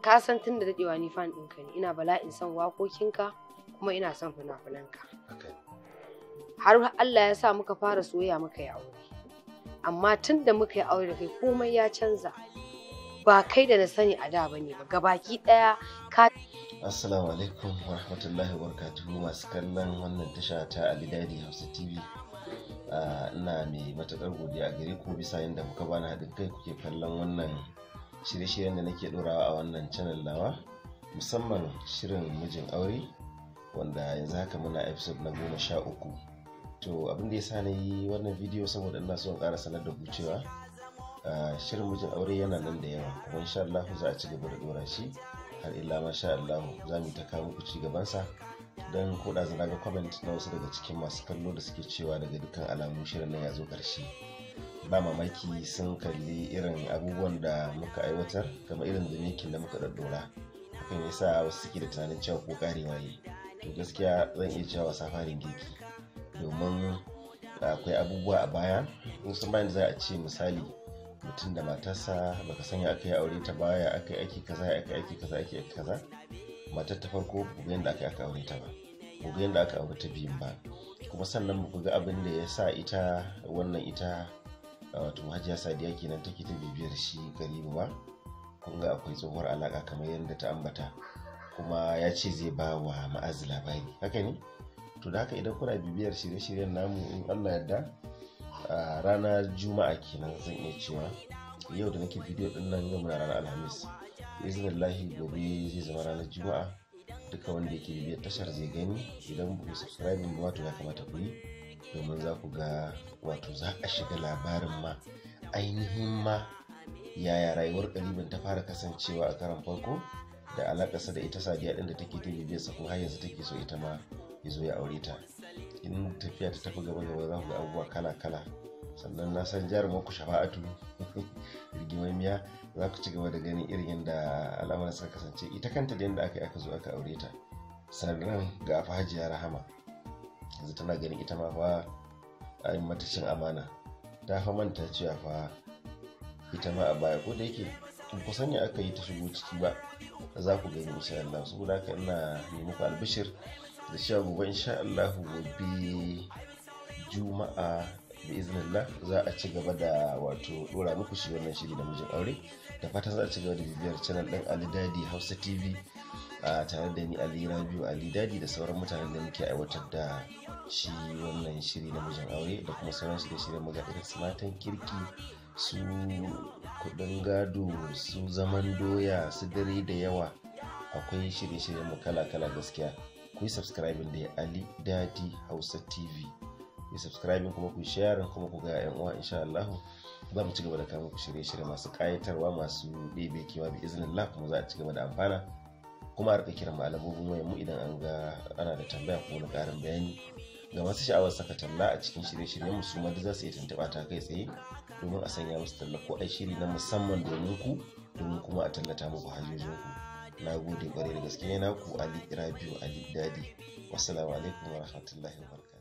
ka san tun da dadewa ni fan ɗinka ne ina bala'in son waƙoƙinka kuma ina son fina-finanka har Allah ya sa muka fara soyayya muka yi aure amma tun da muka yi aure da kai komai ya canza ba kai da na sani a da bane ba gabaki ɗaya ka Assalamu alaikum wa rahmatullahi wa barakatuhu masu kallon wannan tasha ta Ali Dadi Hausa TV ah, ina mai matukar godiya a gare ku bisa yadda muka bani haɗin kai kuke kallon wannan shirye-shiryen da nake ɗorawa a wannan channel nawa musamman shirin mijin aure wanda yanzu haka muna episode na goma sha uku to abin da ya sa na yi wannan bidiyo saboda ina so in ƙara sanar da ku cewa shirin mijin aure yana nan da yawa kuma insha Allah za a ci gaba da ɗora shi har illa ma sha Allah za mu ta kawo muku ci gabansa don da zan ga comment na wasu daga cikin masu kallo da suke cewa daga dukkan alamu shirin nan ya zo ƙarshe ba mamaki sun kalli irin abubuwan da muka aiwatar kamar irin zamikin da muka daddora hakan ya sa wasu suke da tunanin cewa ko karewa waye to gaskiya zan iya cewa safarin girki domin akwai abubuwa a baya in sun bayan za a ce misali mutum da matarsa baka sanya aka yi aure ta baya aka yi aiki kaza aka yi aiki kaza aka yi kaza matar ta farko ku yadda aka aka aure ta ba ku yadda aka aure ta biyun ba kuma sannan ku ga abin da ya sa ita wannan ita wato hajiya sadiya kenan take ta bibiyar shi garibu ba kun ga akwai tsohuwar alaka kamar yadda ta ambata kuma ya ce zai ba wa ma'azi labari haka ne to da haka idan kuna bibiyar shirye-shiryen namu in allah yarda a ranar juma'a kenan zan iya cewa yau da nake bidiyo din nan yau muna ranar alhamis izin lahi gobe zai zama ranar juma'a duka wanda yake bibiyar tashar zai gani idan ba ku subscribe ba to ya kamata ku yi za ku ga wato za a shiga labarin ma ainihin ma yaya rayuwar ɗalibin ta fara kasancewa a karan farko da alakarsa da ita sadiya ɗin da take ta bibiya sa ko har yanzu take so ita ma ya zo ya aure ta in tafiya ta tafi gaba gaba za ku ga abubuwa kala kala sannan na san jihar ku shafa'atu miya za ku ci gaba da ganin irin yadda al'amuran suka kasance ita kanta da yadda aka yi aka zo aka aure ta sannan ga hajiya rahama yanzu tana ganin ita ma fa a yi mata cin amana ta fa manta cewa fa ita ma a baya ko da yake ku sanya aka yi ta shigo ciki ba za ku gani insha Allah saboda haka ina yi muku albishir da cewa gobe insha Allah gobe juma'a da iznillah za a ci gaba da wato dora muku shi wannan shiri da mijin aure da fatan za a ci gaba da bibiyar channel din Ali Dadi Hausa TV a tare da ni ali rabiu ali dadi da sauran mutanen da muke aiwatar da shi wannan shiri na mijin aure da kuma sauran shirye shiryen maza irin su matan kirki su kudin gado su zaman doya su dare da yawa akwai shirye-shiryen mu kala-kala gaskiya ku yi subscribe da ali dadi hausa tv ku yi subscribe kuma ku share kuma ku ga yan uwa insha Allah za mu ci gaba da kawo shirye-shirye masu kayatarwa masu ɗebe kewa bi izinin Allah kuma za a ci gaba da amfana kuma a kiran malamomin mu idan an ga ana da tambaya ko wani karin bayani ga masu sha'awar saka talla a cikin shirye-shiryen mu su ma za su yi tuntuɓa ta kai tsaye domin a sanya musu talla ko ai shiri na musamman domin ku domin kuma a tallata muku hajojin ku na gode kwarai da gaske na ku ali rabiu ali dadi wassalamu alaikum wa rahmatullahi wa